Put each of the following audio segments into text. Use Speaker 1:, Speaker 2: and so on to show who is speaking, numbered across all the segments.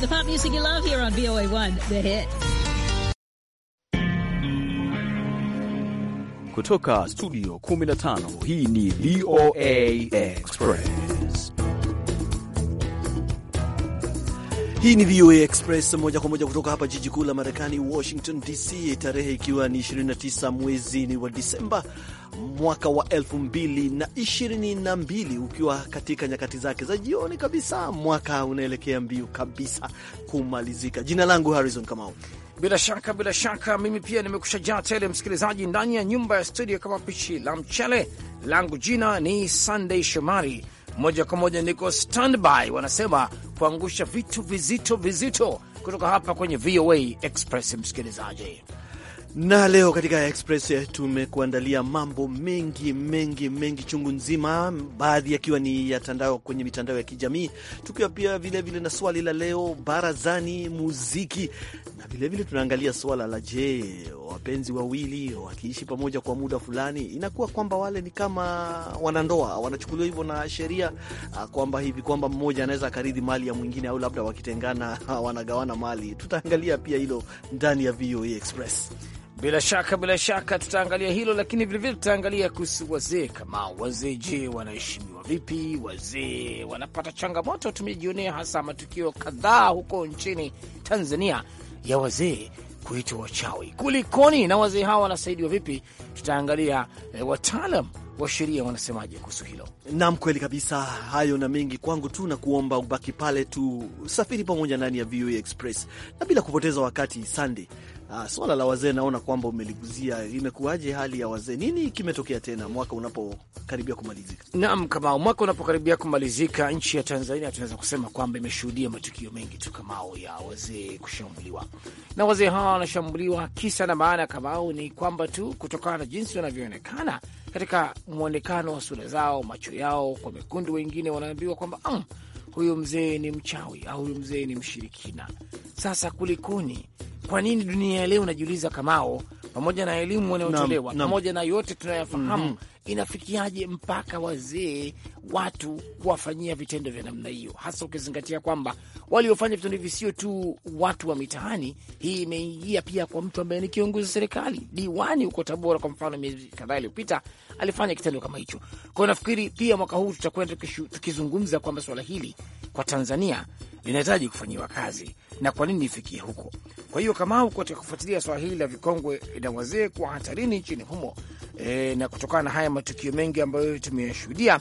Speaker 1: the pop music you love here on VOA1, The Hit.
Speaker 2: Kutoka studio 15, hii ni VOA Express. Hii ni VOA Express moja kwa moja kutoka hapa jiji kuu la Marekani, Washington DC, tarehe ikiwa ni 29 mwezi wa Disemba mwaka wa 2022 ukiwa katika nyakati zake za jioni kabisa. Mwaka unaelekea mbio kabisa kumalizika. Jina langu Harrison Kamau. Bila shaka bila shaka, mimi pia nimekushajaa
Speaker 3: tele msikilizaji, ndani ya nyumba ya studio kama pishi la mchele. Langu jina ni Sunday Shomari moja kwa moja niko standby, wanasema kuangusha vitu vizito
Speaker 2: vizito kutoka hapa kwenye VOA Express. Msikilizaji na leo katika Express tumekuandalia mambo mengi mengi mengi chungu nzima, baadhi yakiwa ni yatandao kwenye mitandao ya kijamii, tukiwa pia vilevile vile na swali la leo barazani, muziki na vilevile tunaangalia swala la je, wapenzi wawili wakiishi pamoja kwa muda fulani, inakuwa kwamba wale ni kama wanandoa, wanachukuliwa hivyo na sheria ah, kwamba hivi kwamba mmoja anaweza akaridhi mali ya mwingine, au labda wakitengana wanagawana mali. Tutaangalia pia hilo ndani ya VOA Express. Bila
Speaker 3: shaka, bila shaka tutaangalia hilo, lakini vilevile tutaangalia kuhusu wazee. Kama wazee, je, wanaheshimiwa vipi? Wazee wanapata changamoto. Tumejionea hasa matukio kadhaa huko nchini Tanzania ya wazee kuitwa wachawi. Kulikoni? na wazee
Speaker 2: hawa wanasaidiwa vipi? Tutaangalia eh, wataalam wa sheria wanasemaje kuhusu hilo. Naam, kweli kabisa, hayo na mengi. Kwangu tu na kuomba ubaki pale tu, safiri pamoja ndani ya VOA Express, na bila kupoteza wakati, Sande Ah, swala la wazee naona kwamba umeliguzia. Imekuwaje hali ya wazee? Nini kimetokea tena mwaka unapokaribia kumalizika?
Speaker 4: Naam,
Speaker 3: kama mwaka unapokaribia kumalizika, nchi ya Tanzania tunaweza kusema kwamba imeshuhudia matukio mengi tu kamao ya wazee kushambuliwa, na wazee hawa wanashambuliwa kisa na maana kamao ni kwamba tu kutokana na jinsi wanavyoonekana katika mwonekano wa sura zao, macho yao kwa mekundu, wengine wanaambiwa kwamba um, huyu mzee ni mchawi au huyu mzee ni mshirikina. Sasa kulikoni? Kwa nini dunia ya leo, najiuliza Kamao, pamoja na elimu wanayotolewa pamoja na yote tunayafahamu, mm -hmm. Inafikiaje mpaka wazee watu kuwafanyia vitendo vya namna hiyo, hasa ukizingatia kwamba waliofanya vitendo hivi sio tu watu wa mitaani. Hii imeingia pia kwa mtu ambaye ni kiongozi wa serikali, diwani huko Tabora kwa mfano, miezi kadhaa iliyopita alifanya kitendo kama hicho. Kwa hiyo nafikiri pia mwaka huu tutakwenda tukizungumza kwamba swala hili kwa Tanzania linahitaji kufanyiwa kazi na kwa nini ifikie huko. Kwa hiyo kama huko katika kufuatilia swala hili la vikongwe na wazee kuwa hatarini nchini humo e, na kutokana na haya matukio mengi ambayo tumeyashuhudia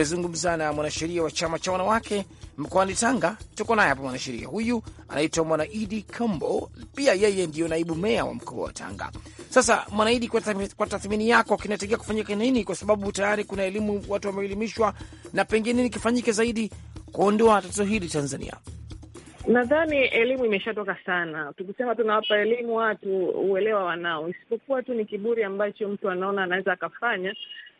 Speaker 3: nimezungumza na mwanasheria wa chama cha wanawake mkoani Tanga. Tuko naye hapa, mwanasheria huyu anaitwa Mwanaidi Kombo, pia yeye ndiyo naibu meya wa mkoa wa Tanga. Sasa Mwanaidi, kwa tathmini yako kinategea kufanyika nini? Kwa sababu tayari kuna elimu, watu wameelimishwa, na pengine nini kifanyike zaidi kuondoa tatizo hili Tanzania?
Speaker 4: Nadhani elimu imeshatoka sana. Tukisema tunawapa elimu watu, uelewa wanao, isipokuwa tu ni kiburi ambacho mtu anaona anaweza akafanya,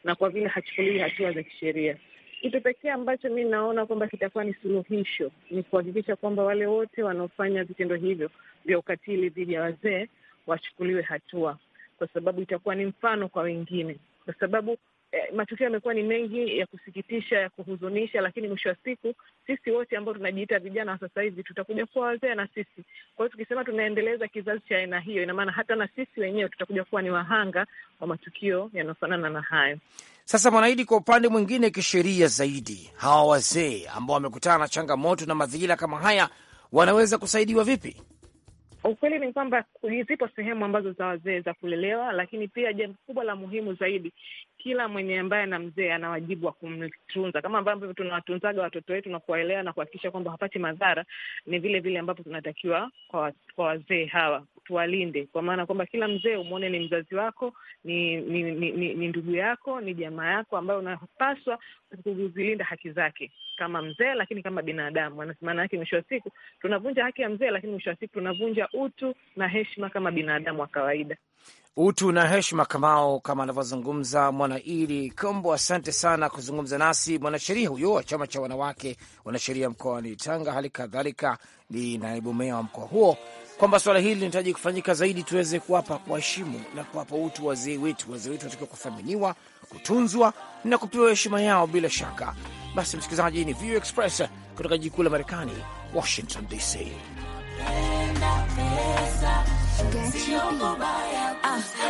Speaker 4: na kwa vile hachukulii hatua za kisheria. Kitu pekee ambacho mi naona kwamba kitakuwa ni suluhisho ni kuhakikisha kwamba wale wote wanaofanya vitendo hivyo vya ukatili dhidi ya wazee wachukuliwe hatua, kwa sababu itakuwa ni mfano kwa wengine, kwa sababu eh, matukio yamekuwa ni mengi ya kusikitisha, ya kuhuzunisha, lakini mwisho wa siku sisi wote ambao tunajiita vijana wa sasa hivi tutakuja kuwa wazee na sisi. Kwa hiyo tukisema tunaendeleza kizazi cha aina hiyo, ina maana hata na sisi wenyewe tutakuja kuwa ni wahanga wa matukio yanayofanana na hayo.
Speaker 3: Sasa Mwanaidi, kwa upande mwingine, kisheria zaidi, hawa wazee ambao wamekutana na changamoto na madhila kama haya wanaweza kusaidiwa vipi?
Speaker 4: Ukweli ni kwamba zipo sehemu ambazo za wazee za kulelewa, lakini pia jambo kubwa la muhimu zaidi, kila mwenye ambaye na mzee ana wajibu wa kumtunza, kama ambavyo tunawatunzaga watoto wetu na kuwaelewa na kuhakikisha kwamba hapati madhara. Ni vile vile ambavyo tunatakiwa kwa, kwa wazee hawa tuwalinde, kwa maana kwamba kila mzee umwone ni mzazi wako, ni ni, ni, ni, ni ndugu yako, ni jamaa yako ambayo unapaswa kuzilinda haki zake kama mzee, lakini kama binadamu. Maana yake mwisho wa siku tunavunja haki ya mzee, lakini mwisho wa siku tunavunja utu na heshima kama binadamu wa kawaida
Speaker 3: utu na heshima kamao, kama anavyozungumza mwana ili Kombo. Asante sana kuzungumza nasi. Mwanasheria huyo wa chama cha wanawake wanasheria mkoani Tanga, hali kadhalika ni naibu meya wa mkoa huo kwamba swala hili linahitaji kufanyika zaidi, tuweze kuwapa kuheshimu na kuwapa utu wazee wetu. Wazee wetu wanatakiwa kuthaminiwa, kutunzwa na kupewa heshima yao bila shaka. Basi msikilizaji, ni VOA Express kutoka jiji kuu la Marekani, Washington DC.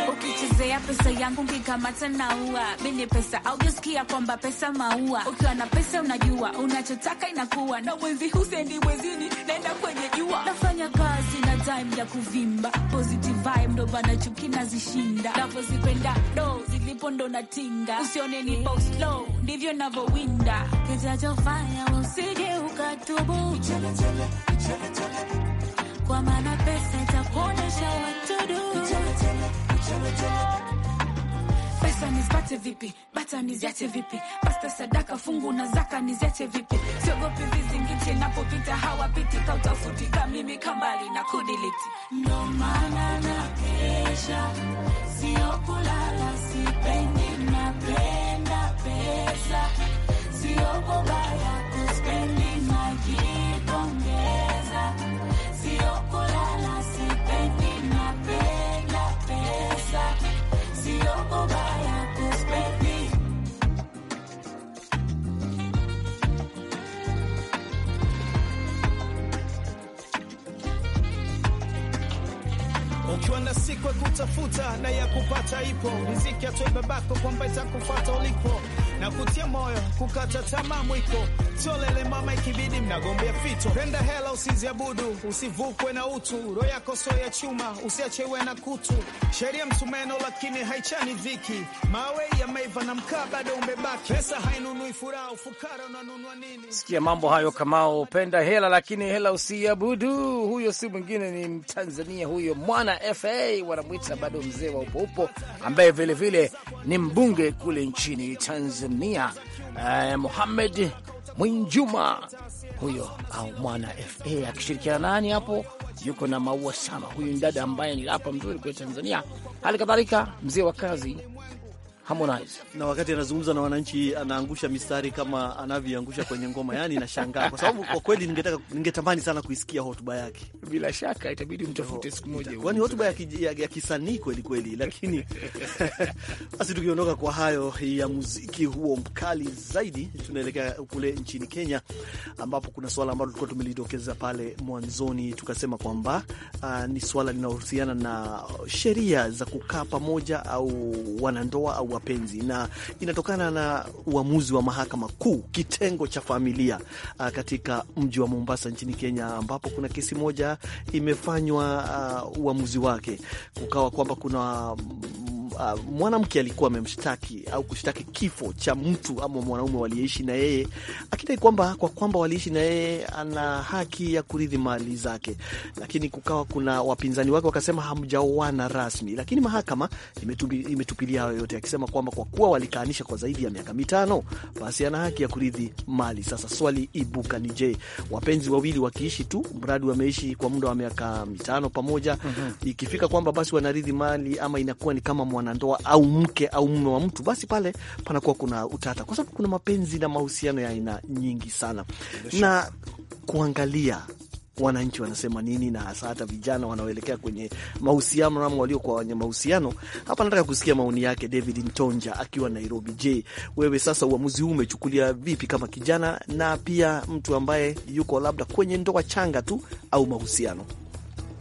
Speaker 5: Ukichezea pesa yangu ngikamata naua bini pesa au jisikia kwamba pesa maua. Ukiwa na pesa unajua unachotaka inakuwa na mwezi husendi mwezini, naenda kwenye jua, nafanya kazi time ya kuvimba, positive vibe ndo bana chuki nazishinda, navyozipenda do zilipo ndo natinga, usione ni boss low, ndivyo navowinda kitachofanya usije ukatubu kwa maana pesa itakuonesha watudu pesa nizipate vipi? Bata niziache vipi? Pasta sadaka fungu na zaka niziache vipi? Siogopi vizingiti napopita hawapiti kautafuti ka mimi kambali na kudiliti. Ndo maana na pesha sio kulala, sipendi napenda pesa sio kubaya kuspendi magi
Speaker 1: siku ya kutafuta na ya kupata ipo, riziki atoe babako kwamba itakufuata ulipo na kutia moyo, kukata tamaa mwiko tolele mama, ikibidi mnagombea fito, penda hela usiziabudu, usivukwe na utu, roho yako sio ya chuma, usiachewe na kutu, sheria msumeno lakini haichani dhiki, mawe ya maiva na mkaa bado umebaki, pesa hainunui furaha, ufukara unanunua nini?
Speaker 3: Sikia mambo hayo kamao, penda hela lakini hela usiabudu. Huyo si mwingine ni Mtanzania huyo Mwana FA wanamwita bado mzee wa upoupo, ambaye vilevile ni mbunge kule nchini Tanzania. Tanzania, eh, Muhamed Mwinjuma huyo au mwana fa akishirikiana nani hapo, yuko na maua sana. Huyu ni dada ambaye ni rapa mzuri kule Tanzania, hali kadhalika mzee wa
Speaker 2: kazi Harmonize. Na wakati anazungumza na wananchi anaangusha mistari kama anavyoangusha kwenye ngoma, yani nashangaa kwa sababu kwa kweli ningetaka ningetamani sana kuisikia hotuba yake. Bila shaka itabidi mtafute siku moja, kwani hotuba ya, ya, ya kisanii kweli kweli, lakini basi tukiondoka kwa hayo ya muziki huo mkali zaidi, tunaelekea kule nchini Kenya ambapo kuna swala ambalo tulikuwa tumelidokeza pale mwanzoni, tukasema kwamba uh, ni swala linalohusiana na sheria za kukaa pamoja au wanandoa au wapenzi, na inatokana na uamuzi wa mahakama kuu kitengo cha familia uh, katika mji wa Mombasa nchini Kenya, ambapo kuna kesi moja imefanywa uh, uamuzi wake kukawa kwamba kuna uh, mwanamke alikuwa amemshtaki au kushtaki kifo cha mtu ama mwanaume waliyeishi na yeye, akidai kwamba kwa kwamba waliishi na yeye ana haki ya kurithi mali zake, lakini kukawa kuna wapinzani wake wakasema hamjaoana rasmi, lakini mahakama imetupilia hayo yote, akisema kwamba kwa kuwa walikaanisha kwa zaidi ya miaka mitano, basi ana haki ya kurithi mali. Sasa swali ibuka ni je, wapenzi wawili wakiishi tu, mradi wameishi kwa muda wa miaka mitano pamoja, mm -hmm. ikifika kwamba basi wanarithi mali ama inakuwa ni kama mwana mwanandoa au mke au mume wa mtu, basi pale panakuwa kuna utata, kwa sababu kuna mapenzi na mahusiano ya aina nyingi sana na kuangalia wananchi wanasema nini, na hasa hata vijana wanaoelekea kwenye mahusiano ama waliokuwa wenye mahusiano. Hapa nataka kusikia maoni yake David Ntonja akiwa Nairobi. Je, wewe sasa uamuzi huu umechukulia vipi kama kijana na pia mtu ambaye yuko labda kwenye ndoa changa tu au mahusiano?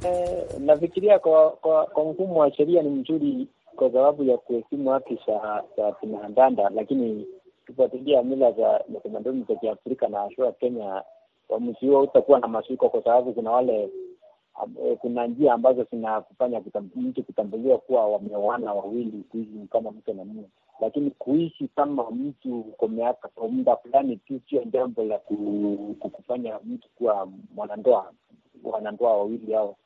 Speaker 6: Eh, nafikiria kwa, kwa, kwa mfumo wa sheria ni mzuri kwa sababu ya kuheshimu haki za kinandanda lakini tufuatilia mila za tamaduni za Kiafrika na ashua Kenya, uamuzi huo utakuwa na mashiko, kwa sababu kuna wale eh, kuna njia ambazo zinakufanya mtu kutambuliwa kuwa wameoana wawili, kuishi kama mke na mume, lakini kuishi kama mtu kwa miaka kwa muda fulani tu sio jambo la kukufanya mtu kuwa mwanandoa, wanandoa wawili hao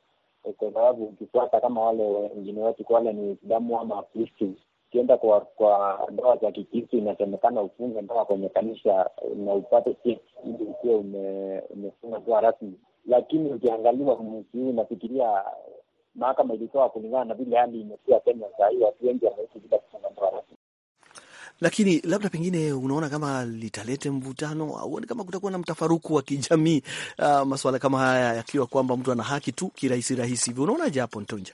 Speaker 6: kwa sababu ukifuata kama wale wengine wetu wale ni Waislamu ama Wakristu, ukienda kwa kwa ndoa za Kikristu inasemekana ufunge ndoa kwenye kanisa na upate cheti ili ukiwa umefunga ndoa rasmi. Lakini ukiangaliwa mwezi huu, nafikiria mahakama ilitoa kulingana na vile hali imekuwa Kenya saa hii, watu wengi wanaishi bila kufunga ndoa rasmi
Speaker 2: lakini labda pengine unaona kama litalete mvutano au kama kutakuwa na mtafaruku wa kijamii uh, ah, masuala kama haya yakiwa kwamba mtu ana haki tu kirahisi rahisi hivyo, unaonaje hapo Ntonja?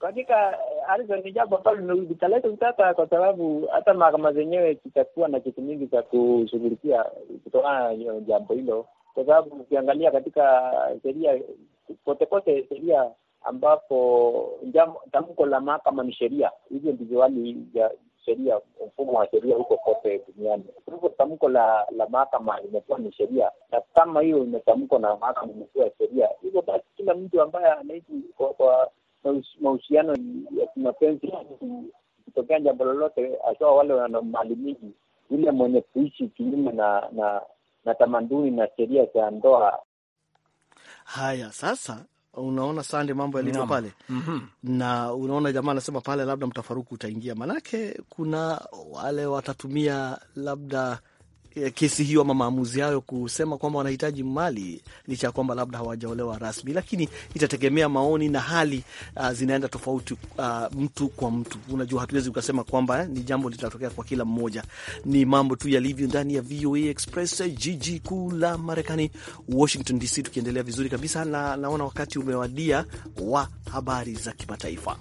Speaker 6: Hakika eh, Harrison, ni jambo ambalo litaleta utata, kwa sababu hata mahakama zenyewe zitakuwa na kitu mingi za kushughulikia kutokana na jambo hilo, kwa sababu ukiangalia katika sheria kotekote sheria ambapo tamko la mahakama ni sheria, hivyo ndivyo hali sheria, mfumo wa sheria huko kote duniani. Kwa hivyo tamko la la mahakama imekuwa ni sheria, na kama hiyo imetamkwa na mahakama imekuwa sheria, hivyo basi kila mtu ambaye anaishi kwa mahusiano ya kimapenzi kitokea jambo lolote, akiwa wale wana mali mingi, yule mwenye kuishi kinyume na na na tamaduni na sheria za ndoa.
Speaker 2: Haya sasa, unaona sande mambo yalivyo pale mm -hmm. na unaona jamaa anasema pale labda mtafaruku utaingia, manake kuna wale watatumia labda Eh, kesi hiyo ama maamuzi hayo kusema kwamba wanahitaji mali licha ya kwamba labda hawajaolewa rasmi, lakini itategemea maoni na hali uh, zinaenda tofauti uh, mtu kwa mtu. Unajua, hatuwezi ukasema kwamba eh, ni jambo litatokea kwa kila mmoja. Ni mambo tu yalivyo ndani ya VOA Express, jiji kuu la Marekani, Washington DC. Tukiendelea vizuri kabisa na naona wakati umewadia wa habari za kimataifa.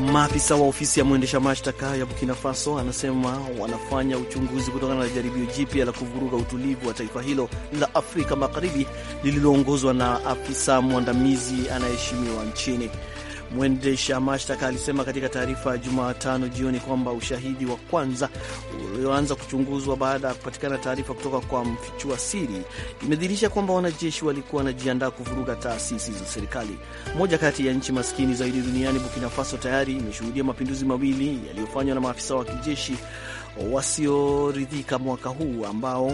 Speaker 2: Maafisa wa ofisi ya mwendesha mashtaka ya Burkina Faso anasema wanafanya uchunguzi kutokana na jaribio jipya la kuvuruga utulivu wa taifa hilo la Afrika Magharibi lililoongozwa na afisa mwandamizi anayeheshimiwa nchini. Mwendesha mashtaka alisema katika taarifa ya Jumatano jioni kwamba ushahidi wa kwanza ulioanza kuchunguzwa baada ya kupatikana taarifa kutoka kwa mfichua siri imedhihirisha kwamba wanajeshi walikuwa wanajiandaa kuvuruga taasisi za serikali. Moja kati ya nchi maskini zaidi duniani, Burkina Faso tayari imeshuhudia mapinduzi mawili yaliyofanywa na maafisa wa kijeshi wasioridhika mwaka huu ambao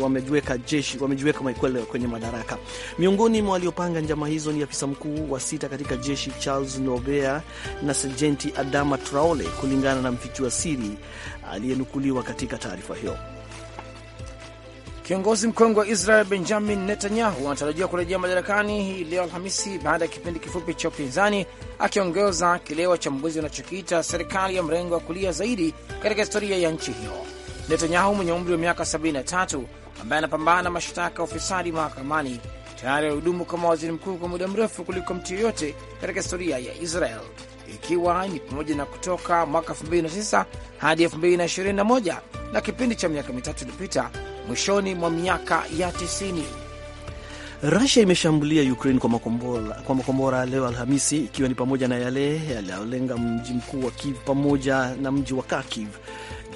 Speaker 2: wamejiweka jeshi wamejiweka maikwele kwenye madaraka. Miongoni mwa waliopanga njama hizo ni afisa mkuu wa sita katika jeshi Charles Nobea na sejenti Adama Traole, kulingana na mfichua siri aliyenukuliwa katika taarifa hiyo. Kiongozi mkongwe wa
Speaker 3: Israel Benjamin Netanyahu anatarajiwa kurejea madarakani hii leo Alhamisi baada ya kipindi kifupi cha upinzani, akiongoza kile wachambuzi wanachokiita serikali ya mrengo wa kulia zaidi katika historia ya nchi hiyo. Netanyahu mwenye umri wa miaka 73 ambaye anapambana na mashtaka ya ufisadi mahakamani tayari alihudumu kama waziri mkuu kwa muda mrefu kuliko mtu yoyote katika historia ya Israel, ikiwa ni pamoja na kutoka mwaka 2009 hadi 2021 na kipindi cha miaka mitatu iliyopita mwishoni mwa miaka ya
Speaker 2: 90. Rusia imeshambulia Ukraine kwa makombora, kwa makombora leo Alhamisi, ikiwa ni pamoja na yale yaliyolenga mji mkuu wa Kiev pamoja na mji wa Kharkiv.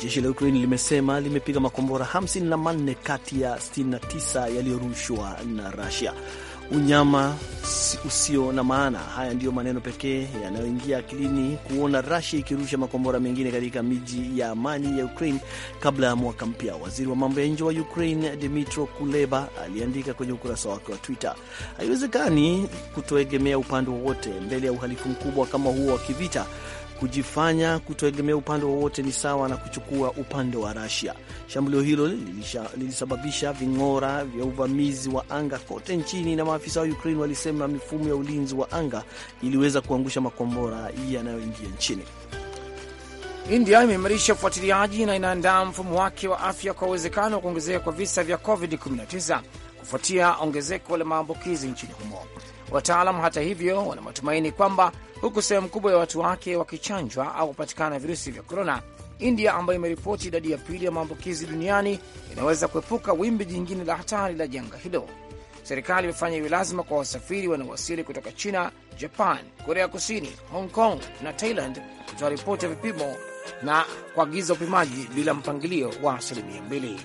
Speaker 2: Jeshi la Ukraine limesema limepiga makombora 54 kati ya 69 yaliyorushwa na Rusia unyama usio na maana. Haya ndiyo maneno pekee yanayoingia akilini kuona Rasia ikirusha makombora mengine katika miji ya amani ya Ukraine kabla ya mwaka mpya. Waziri wa mambo ya nje wa Ukraine Dmytro Kuleba aliandika kwenye ukurasa wake wa Twitter, haiwezekani kutoegemea upande wowote mbele ya uhalifu mkubwa kama huo wa kivita Kujifanya kutoegemea upande wowote ni sawa na kuchukua upande wa Rasia. Shambulio hilo lilisababisha ving'ora vya uvamizi wa anga kote nchini, na maafisa wa Ukraine walisema mifumo ya ulinzi wa anga iliweza kuangusha makombora yanayoingia nchini. India imeimarisha
Speaker 3: ufuatiliaji na inaandaa mfumo wake wa afya kwa uwezekano wa kuongezeka kwa visa vya COVID-19 kufuatia ongezeko la maambukizi nchini humo. Wataalam hata hivyo, wana matumaini kwamba huku sehemu kubwa ya watu wake wakichanjwa au kupatikana virusi vya korona, India ambayo imeripoti idadi ya pili ya maambukizi duniani inaweza kuepuka wimbi jingine la hatari la janga hilo. Serikali imefanya iwe lazima kwa wasafiri wanaowasili kutoka China, Japan, Korea Kusini, Hong Kong na Thailand kutoa ripoti ya vipimo na kuagiza upimaji bila mpangilio wa asilimia mbili.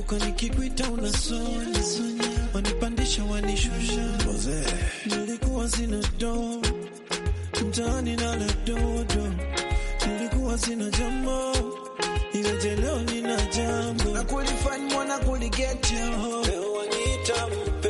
Speaker 3: Kumbuka
Speaker 1: nikikuita unasonya, wanipandisha wanishusha, nilikuwa sina do mtaani na la dodo, nilikuwa sina jambo ile jeleo nina jambo na kulifanya mwana kuligeta leo waniita mpe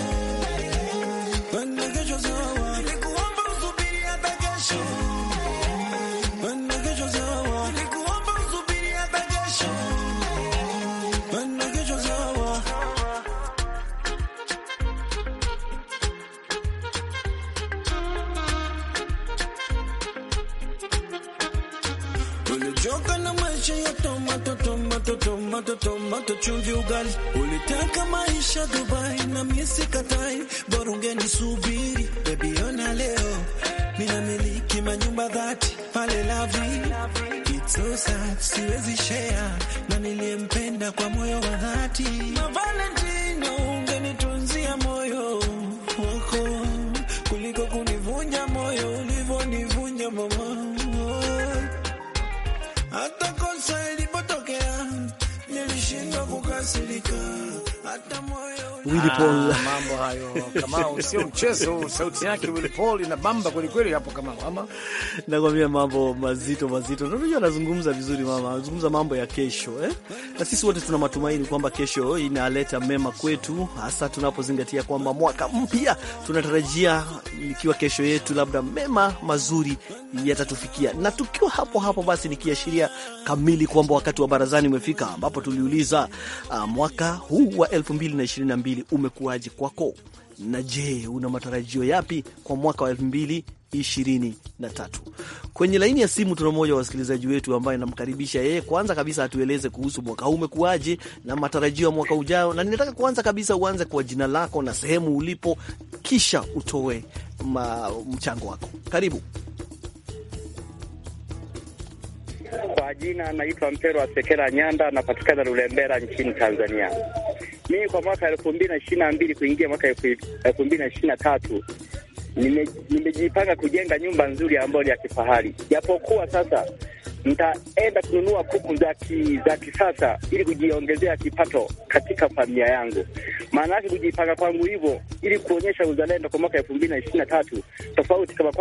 Speaker 1: Naonyesha Dubai na miezi katai, bora subiri baby, ona leo mina miliki manyumba dhati pale lavi, it's so sad, siwezi share na niliyempenda kwa moyo wa dhati Ma Valentino, ungenitunzia moyo wako kuliko kunivunja moyo ulivyonivunja mama. Hata kosa ilipotokea nilishindwa kukasirika Hasta muerte
Speaker 3: Willy ah, Paul. Mambo
Speaker 2: hayo kama sio mchezo, sauti yake Willy Paul inabamba kweli kweli hapo kama mama. Nakwambia mambo mazito mazito. Unajua anazungumza vizuri mama, anazungumza mambo ya kesho eh? Na sisi wote tuna matumaini kwamba kesho inaleta mema kwetu, hasa tunapozingatia kwamba mwaka mpya tunatarajia ikiwa kesho yetu labda mema mazuri yatatufikia. Na tukiwa hapo hapo basi nikiashiria kamili kwamba wakati wa barazani umefika ambapo tuliuliza uh, mwaka huu wa 2022 mbili umekuwaje kwako, na je, una matarajio yapi kwa mwaka wa tatu? Kwenye laini ya simu tuna mmoja wa wasikilizaji wetu ambaye namkaribisha yeye. Kwanza kabisa atueleze kuhusu mwaka huu umekuwaje na matarajio ya mwaka ujao, na ninataka kwanza kabisa uanze kwa jina lako na sehemu ulipo, kisha utoe ma, mchango wako. Karibu.
Speaker 6: Kwa jina naitwa Mpero Asekela Nyanda, napatikana Lulembera nchini Tanzania mimi kwa mwaka elfu mbili na ishirini na mbili kuingia mwaka elfu mbili na ishirini na tatu nimejipanga kujenga nyumba nzuri ambayo ni ya kifahari, japokuwa sasa nitaenda kununua kuku za za kisasa ili kujiongezea kipato katika familia yangu. Maana yake kujipanga kwangu hivyo ili kuonyesha uzalendo kwa mwaka elfu mbili na ishirini na tatu tofauti kama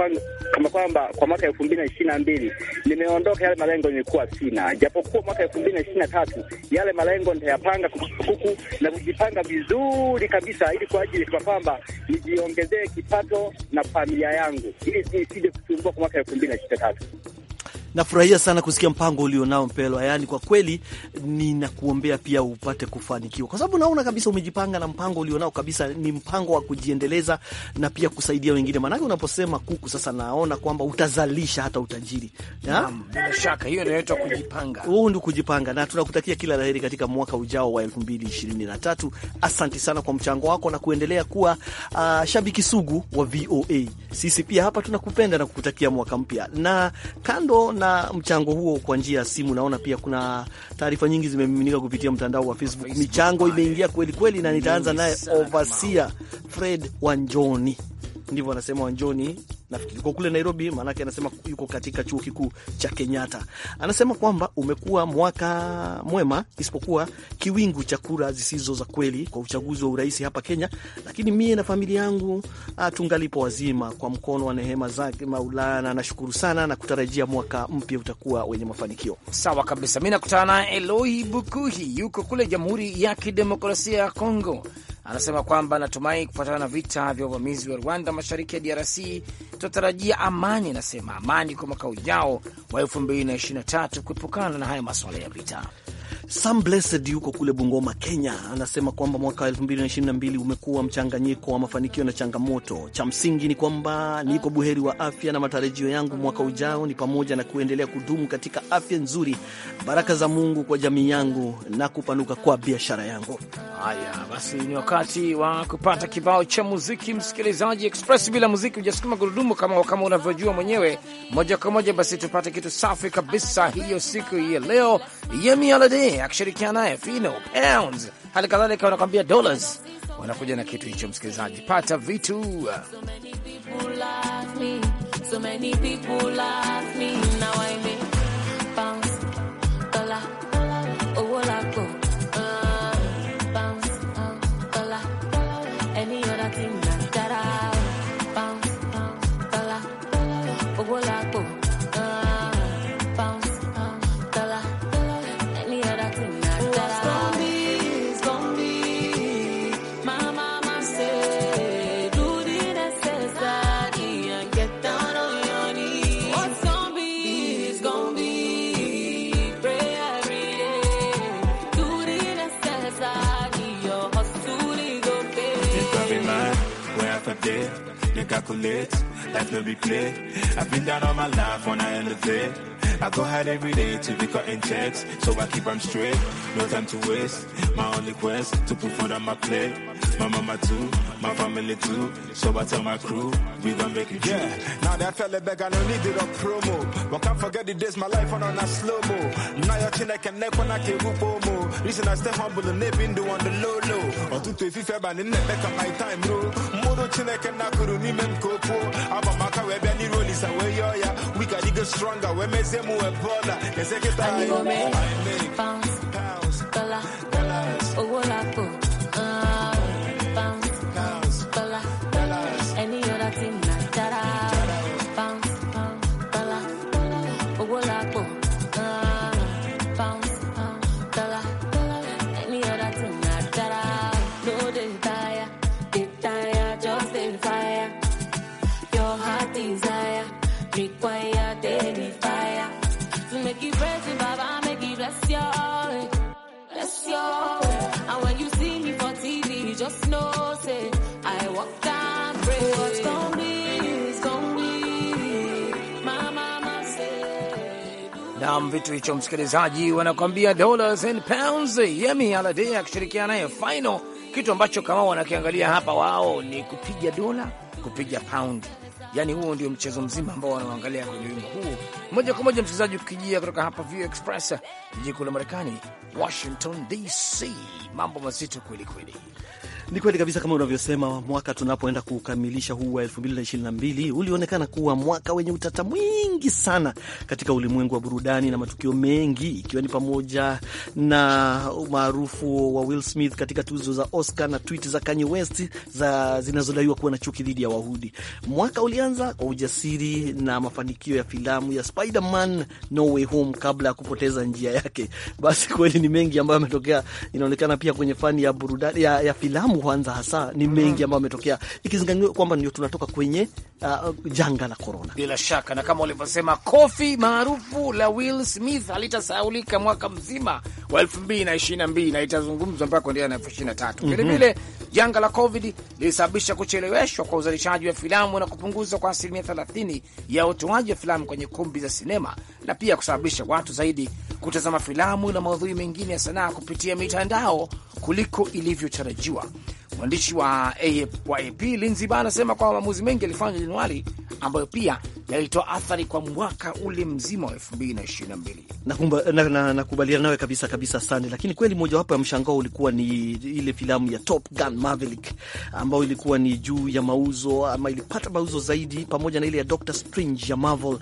Speaker 6: kwamba kwa, mwaka elfu mbili na ishirini na mbili nimeondoka yale malengo nilikuwa sina, japokuwa mwaka elfu mbili na ishirini na tatu yale malengo nitayapanga kuku na kujipanga vizuri kabisa, ili kwa ajili kwa kwamba nijiongezee kipato na familia yangu, ili isije kusumbua kwa mwaka elfu mbili na ishirini na tatu.
Speaker 2: Nafurahia sana kusikia mpango ulionao Mpelwa, yaani kwa kweli ninakuombea pia upate kufanikiwa, kwa sababu naona kabisa umejipanga na mpango ulionao kabisa ni mpango wa kujiendeleza na pia kusaidia wengine. Maanake unaposema kuku sasa, naona kwamba utazalisha hata utajiri. Bila shaka hiyo inaitwa kujipanga, huu ndio kujipanga, na tunakutakia kila la heri katika mwaka ujao wa 2023. Asanti sana kwa mchango wako na kuendelea kuwa uh, shabiki sugu wa VOA. Sisi pia hapa tunakupenda na kukutakia mwaka mpya na kando na mchango huo kwa njia ya simu. Naona pia kuna taarifa nyingi zimemiminika kupitia mtandao wa Facebook. Facebook michango imeingia kweli kweli, na nitaanza naye Overseer Fred Wanjoni, ndivyo anasema Wanjoni nafikiri yuko kule Nairobi, maanake anasema yuko katika chuo kikuu cha Kenyatta. Anasema kwamba umekuwa mwaka mwema, isipokuwa kiwingu cha kura zisizo za kweli kwa uchaguzi wa urais hapa Kenya, lakini mie na familia yangu ah, tungalipo wazima kwa mkono wa nehema zake Maulana. Nashukuru sana na kutarajia mwaka mpya utakuwa wenye mafanikio. Sawa kabisa, mi nakutana
Speaker 3: na Eloi Bukuhi, yuko kule Jamhuri ya Kidemokrasia ya Kongo anasema kwamba natumai kufuatana na vita vya uvamizi wa Rwanda mashariki ya DRC tunatarajia amani. Anasema amani kwa mwaka ujao wa 223 kuepukana na haya maswala ya vita.
Speaker 2: Sam Blessed yuko kule Bungoma, Kenya, anasema kwamba mwaka wa 2022 umekuwa mchanganyiko wa mafanikio na changamoto. Cha msingi ni kwamba niko buheri wa afya na matarajio yangu mwaka ujao ni pamoja na kuendelea kudumu katika afya nzuri, baraka za Mungu kwa jamii yangu na kupanuka kwa biashara yangu.
Speaker 3: Haya basi, ni wakati wa kupata kibao cha muziki, msikilizaji. Express bila muziki hujasukuma gurudumu, kama kama unavyojua mwenyewe. Moja kwa moja basi tupate kitu safi kabisa hiyo siku ya leo Yemi Alade akishirikiana naye Fino Pounds, hali kadhalika wanakwambia dollars, wanakuja na kitu hicho. Msikilizaji, pata vitu
Speaker 5: so
Speaker 1: I've been down all my life when I elevate. I go hard every day to be cutting checks, so I keep them straight. No time to waste. My only quest to put food on my plate my mama too, my family too. So I tell my crew, we gon' make it. Yeah, now that fella back, I don't need it on promo. But can't forget the days my life on on a slow mo. Now your chin I can neck when I can go promo. Oh, Reason I stay humble and they been do on the low low. Or two to if you fair, but in the back up my time, bro. Oh. Moro chin I can knock on me, man, copo. Oh. I'm a maka where Benny roll is away, yo, yeah. We gotta stronger, we may say more baller. They say get time.
Speaker 5: Bounce, pounds, dollar, dollars, oh,
Speaker 3: Naam, vitu hicho msikilizaji, wanakuambia dollars and pounds. Yemi Alade akishirikiana naye final, kitu ambacho kama wanakiangalia hapa wao ni kupiga dola, kupiga pound. Yaani huo ndio mchezo mzima ambao wanaangalia kwenye wimbo huu. Moja kwa moja msikilizaji, ukijia kutoka hapa View Express, jiji kuu la Marekani, Washington DC. Mambo mazito kweli kweli.
Speaker 2: Ni kweli kabisa kama unavyosema, mwaka tunapoenda kukamilisha huu wa 2022 ulionekana kuwa mwaka wenye utata mwingi sana katika ulimwengu wa burudani na matukio mengi, ikiwa ni pamoja na umaarufu wa Will Smith katika tuzo za Oscar na tweet za Kanye West za zinazodaiwa kuwa na chuki dhidi ya Wahudi. Mwaka ulianza kwa ujasiri na mafanikio ya filamu ya Spider-Man No Way Home kabla ya kupoteza njia yake. Basi kweli ni mengi ambayo yametokea, inaonekana pia kwenye fani ya burudani ya, ya filamu kwanza hasa ni mengi ambayo ametokea, ikizingatiwa kwamba ndio tunatoka kwenye uh, janga la korona.
Speaker 3: Bila shaka, na kama ulivyosema, kofi maarufu la Will Smith halitasahaulika mwaka mzima wa elfu mbili na ishirini na mbili na itazungumzwa mpaka kuendelea na elfu ishirini na tatu mhm. vilevile mm -hmm. Janga la COVID lilisababisha kucheleweshwa kwa uzalishaji wa filamu na kupunguzwa kwa asilimia 30 ya utoaji wa filamu kwenye kumbi za sinema na pia kusababisha watu zaidi kutazama filamu na maudhui mengine ya sanaa kupitia mitandao kuliko ilivyotarajiwa. Mwandishi wa AP Linzi Ba anasema kwamba maamuzi mengi yalifanywa Januari ambayo pia yalitoa athari
Speaker 2: kwa mwaka ule mzima wa elfu mbili na na mbili. Nakubaliana nawe kabisa kabisa sana, lakini kweli mojawapo ya mshangao ulikuwa ni ile filamu ya Top Gun Maverick ambayo ilikuwa ni juu ya mauzo ama ilipata mauzo zaidi, pamoja na ile ya Doctor Strange ya Marvel,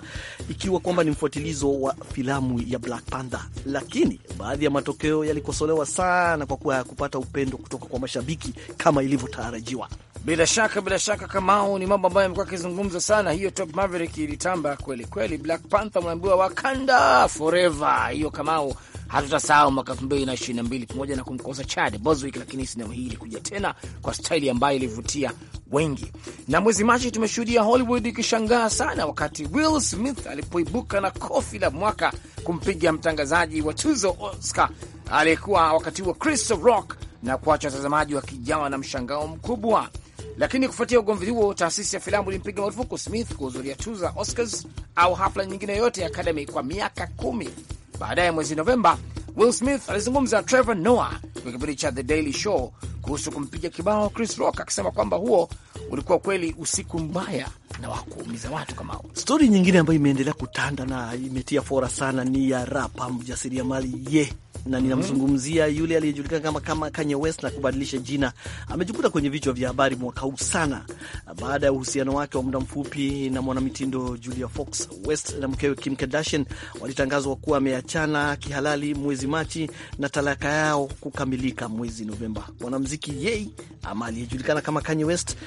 Speaker 2: ikiwa kwamba ni mfuatilizo wa filamu ya Black Panther, lakini baadhi ya matokeo yalikosolewa sana kwa kuwa hayakupata upendo kutoka kwa mashabiki kama ilivyotarajiwa.
Speaker 3: Bila shaka bila shaka, Kamau, ni mambo ambayo amekuwa akizungumza sana. Hiyo Top Maverick ilitamba kweli kweli. Black Panther unaambiwa Wakanda forever. Hiyo Kamau, hatutasahau mwaka elfu mbili na ishirini na mbili pamoja na kumkosa Chad Boswick, lakini sinema hii ilikuja tena kwa staili ambayo ilivutia wengi. Na mwezi Machi tumeshuhudia Hollywood ikishangaa sana wakati Will Smith alipoibuka na kofi la mwaka kumpiga mtangazaji wa tuzo Oscar aliyekuwa wakati huo Chris Rock na kuacha watazamaji wakijawa na mshangao mkubwa. Lakini kufuatia ugomvi huo, taasisi ya filamu ilimpiga marufuku Smith kuhudhuria tuzo za Oscars au hafla nyingine yoyote ya Academy kwa miaka kumi. Baadaye mwezi Novemba, Will Smith alizungumza na Trevor Noah kwa kipindi cha The Daily Show kuhusu kumpiga kibao Chris Rock, akisema kwamba huo ulikuwa kweli usiku mbaya na wakuumiza watu kama
Speaker 2: Stori nyingine ambayo imeendelea kutanda na imetia fora sana ni ya rapa mjasiriamali ye na ninamzungumzia mhm. yule aliyejulikana kama, kama Kanye West na kubadilisha jina. Amejikuta kwenye vichwa vya habari mwaka huu sana baada ya uhusiano wake wa muda mfupi na mwanamitindo Julia Fox. West na mkewe Kim Kardashian walitangazwa kuwa ameachana kihalali mwezi Machi na talaka yao kukamilika mwezi Novemba. Mwanamziki yei ama aliyejulikana kama Kanye West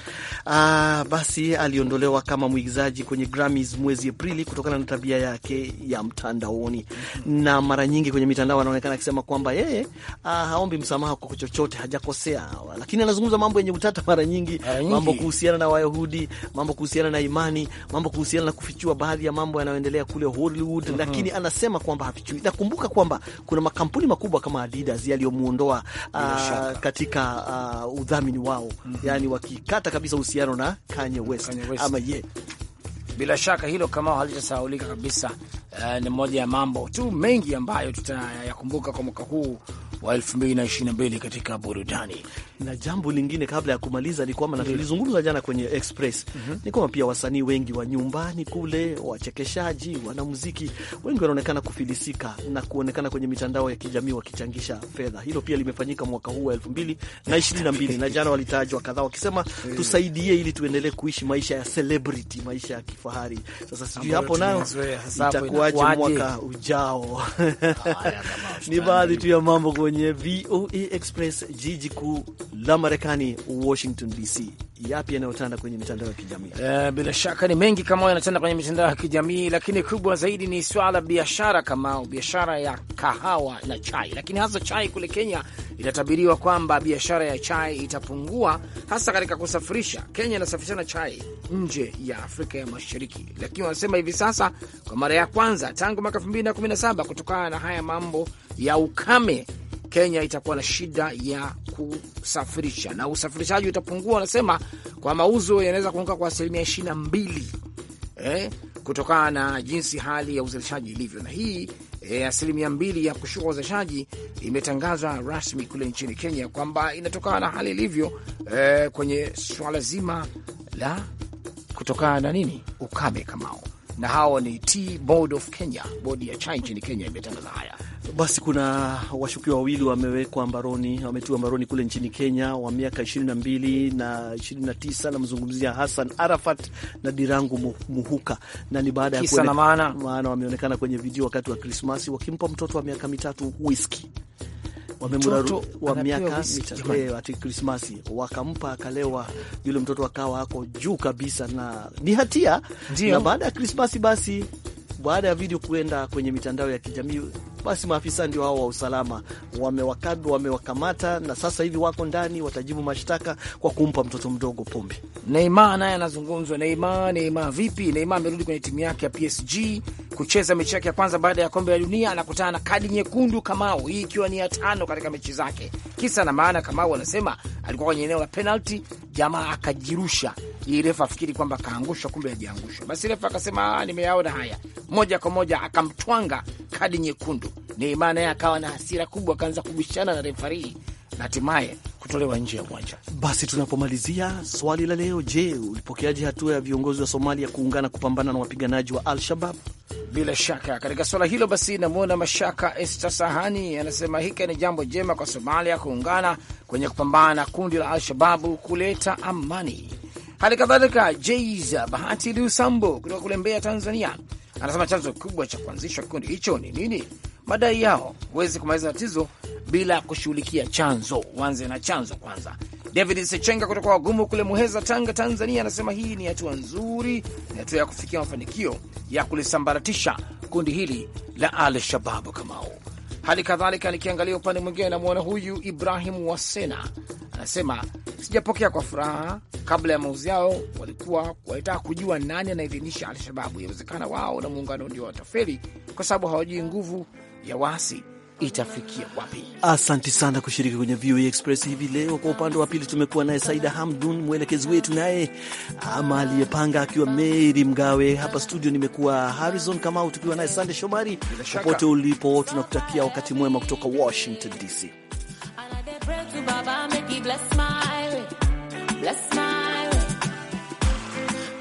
Speaker 2: aa, ah, basi aliondolewa kama mwigizaji kwenye Grammys mwezi Aprili kutokana na tabia yake ya mtandaoni, mhm. na mara nyingi kwenye mitandao anaonekana akisema kusema kwamba yeye ah, haombi msamaha kwa chochote, hajakosea, lakini anazungumza mambo yenye utata mara nyingi, mambo kuhusiana na Wayahudi, mambo kuhusiana na imani, mambo kuhusiana na kufichua baadhi ya mambo yanayoendelea kule Hollywood mm -hmm. Lakini anasema kwamba hafichui. Nakumbuka kwamba kuna makampuni makubwa kama Adidas yaliyomuondoa ah, katika ah, udhamini wao mm -hmm. Yani wakikata kabisa uhusiano na Kanye West, Kanye West. Ama ye
Speaker 3: bila shaka hilo kama halitasahulika kabisa Eh, ni moja ya mambo tu mengi ambayo tutayakumbuka kwa
Speaker 2: mwaka huu wa 2022 katika burudani. Na jambo lingine kabla ya kumaliza ni kwamba, na tulizungumza jana kwenye Express, mm -hmm. ni kwamba pia wasanii wengi wa nyumbani kule, wachekeshaji, wanamuziki wengi wanaonekana kufilisika na kuonekana kwenye mitandao ya kijamii wakichangisha fedha. Hilo pia limefanyika mwaka huu wa 2022 na na jana walitajwa kadhaa wakisema, eh. tusaidie ili tuendelee kuishi maisha ya celebrity, maisha ya kifahari. Sasa sijui hapo nayo itakuwaje mwaka ujao.
Speaker 4: Ni baadhi
Speaker 2: tu ya mambo kwenye kwenye VOA Express, jiji kuu la Marekani, Washington DC. Yapi yanayotanda kwenye mitandao ya kijamii?
Speaker 3: Uh, bila shaka ni mengi kama yanatanda kwenye mitandao ya kijamii, lakini kubwa zaidi ni swala biashara, kama biashara ya kahawa na chai, lakini hasa chai kule Kenya. Inatabiriwa kwamba biashara ya chai itapungua hasa katika kusafirisha. Kenya inasafirishana chai nje ya Afrika ya Mashariki, lakini wanasema hivi sasa kwa mara ya kwanza tangu mwaka 2017 kutokana na haya mambo ya ukame Kenya itakuwa na shida ya kusafirisha na usafirishaji utapungua. Wanasema kwa mauzo yanaweza kuongoka kwa asilimia ishirini na mbili eh, kutokana na jinsi hali ya uzalishaji ilivyo, na hii eh, asilimia mbili ya kushuka uzalishaji imetangazwa rasmi kule nchini Kenya kwamba inatokana na hali ilivyo eh, kwenye swala zima la kutokana na nini ukame kamao na hawa ni Tea Board of Kenya, bodi ya chai nchini Kenya imetangaza haya.
Speaker 2: Basi kuna washukiwa wawili wamewekwa mbaroni, wametiwa mbaroni kule nchini Kenya wa miaka 22 na 29. Namzungumzia Hassan Arafat na Dirangu Muhuka, na ni baada ya kuona maana wameonekana kwenye video wakati wa Krismasi wakimpa mtoto wa miaka mitatu whisky
Speaker 4: wamemraru wa miaka mitatu eh,
Speaker 2: ati Krismasi wakampa akalewa. Yule mtoto akawa ako juu kabisa na ni hatia, na baada ya Krismasi basi baada ya video kuenda kwenye mitandao ya kijamii basi maafisa ndio hao wa usalama wamewakad wamewakamata na sasa hivi wako ndani, watajibu mashtaka kwa kumpa mtoto mdogo pombe.
Speaker 3: Neymar naye anazungumzwa. Neymar, Neymar vipi? Neymar amerudi kwenye timu yake ya PSG kucheza mechi yake ya kwanza baada ya kombe la dunia, anakutana na kadi nyekundu kamao hii ikiwa ni ya tano katika mechi zake kisa na maana, kama wanasema alikuwa kwenye eneo la penalti jamaa akajirusha ili refa afikiri kwamba akaangushwa, kumbe ajiangushwa Basi refa akasema ah, nimeyaona haya, moja kwa moja akamtwanga kadi nyekundu. Neymar naye akawa na hasira kubwa, akaanza kubishana na refarii na hatimaye kutolewa nje ya uwanja.
Speaker 2: Basi tunapomalizia swali la leo, je, ulipokeaje hatua ya viongozi wa Somalia kuungana kupambana na wapiganaji wa Al-Shabab? Bila shaka
Speaker 3: katika suala hilo, basi namwona Mashaka Esta Sahani anasema hiki ni jambo jema kwa Somalia kuungana kwenye kupambana na kundi la Al-Shababu kuleta amani. Hali kadhalika Jeiza Bahati Lusambo kutoka kule Mbeya, Tanzania, anasema chanzo kikubwa cha kuanzishwa kikundi hicho ni nini? Madai yao huwezi kumaliza tatizo bila kushughulikia chanzo. Wanze na chanzo kwanza. David Sechenga kutoka wagumu kule Muheza, Tanga, Tanzania, anasema hii ni hatua nzuri, ni hatua ya kufikia mafanikio ya kulisambaratisha kundi hili la Al Shababu. Kamao hali kadhalika, nikiangalia upande mwingine, namwona huyu Ibrahim Wasena anasema sijapokea kwa furaha. Kabla ya mauzi yao walikuwa walitaka kujua nani anaidhinisha Alshababu. Yawezekana wao na muungano ndio wataferi, kwa sababu hawajui nguvu ya waasi itafikia
Speaker 2: wapi? Asante sana kushiriki kwenye VOA Express hivi leo. Kwa upande wa pili tumekuwa naye Saida Hamdun, mwelekezi wetu, naye ama aliyepanga akiwa Meri Mgawe. Hapa studio nimekuwa Harrison Kamau, tukiwa naye Sande Shomari. Popote ulipo, tunakutakia wakati mwema kutoka Washington DC.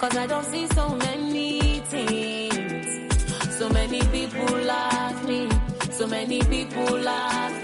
Speaker 5: Cause I don't see so many things. many people are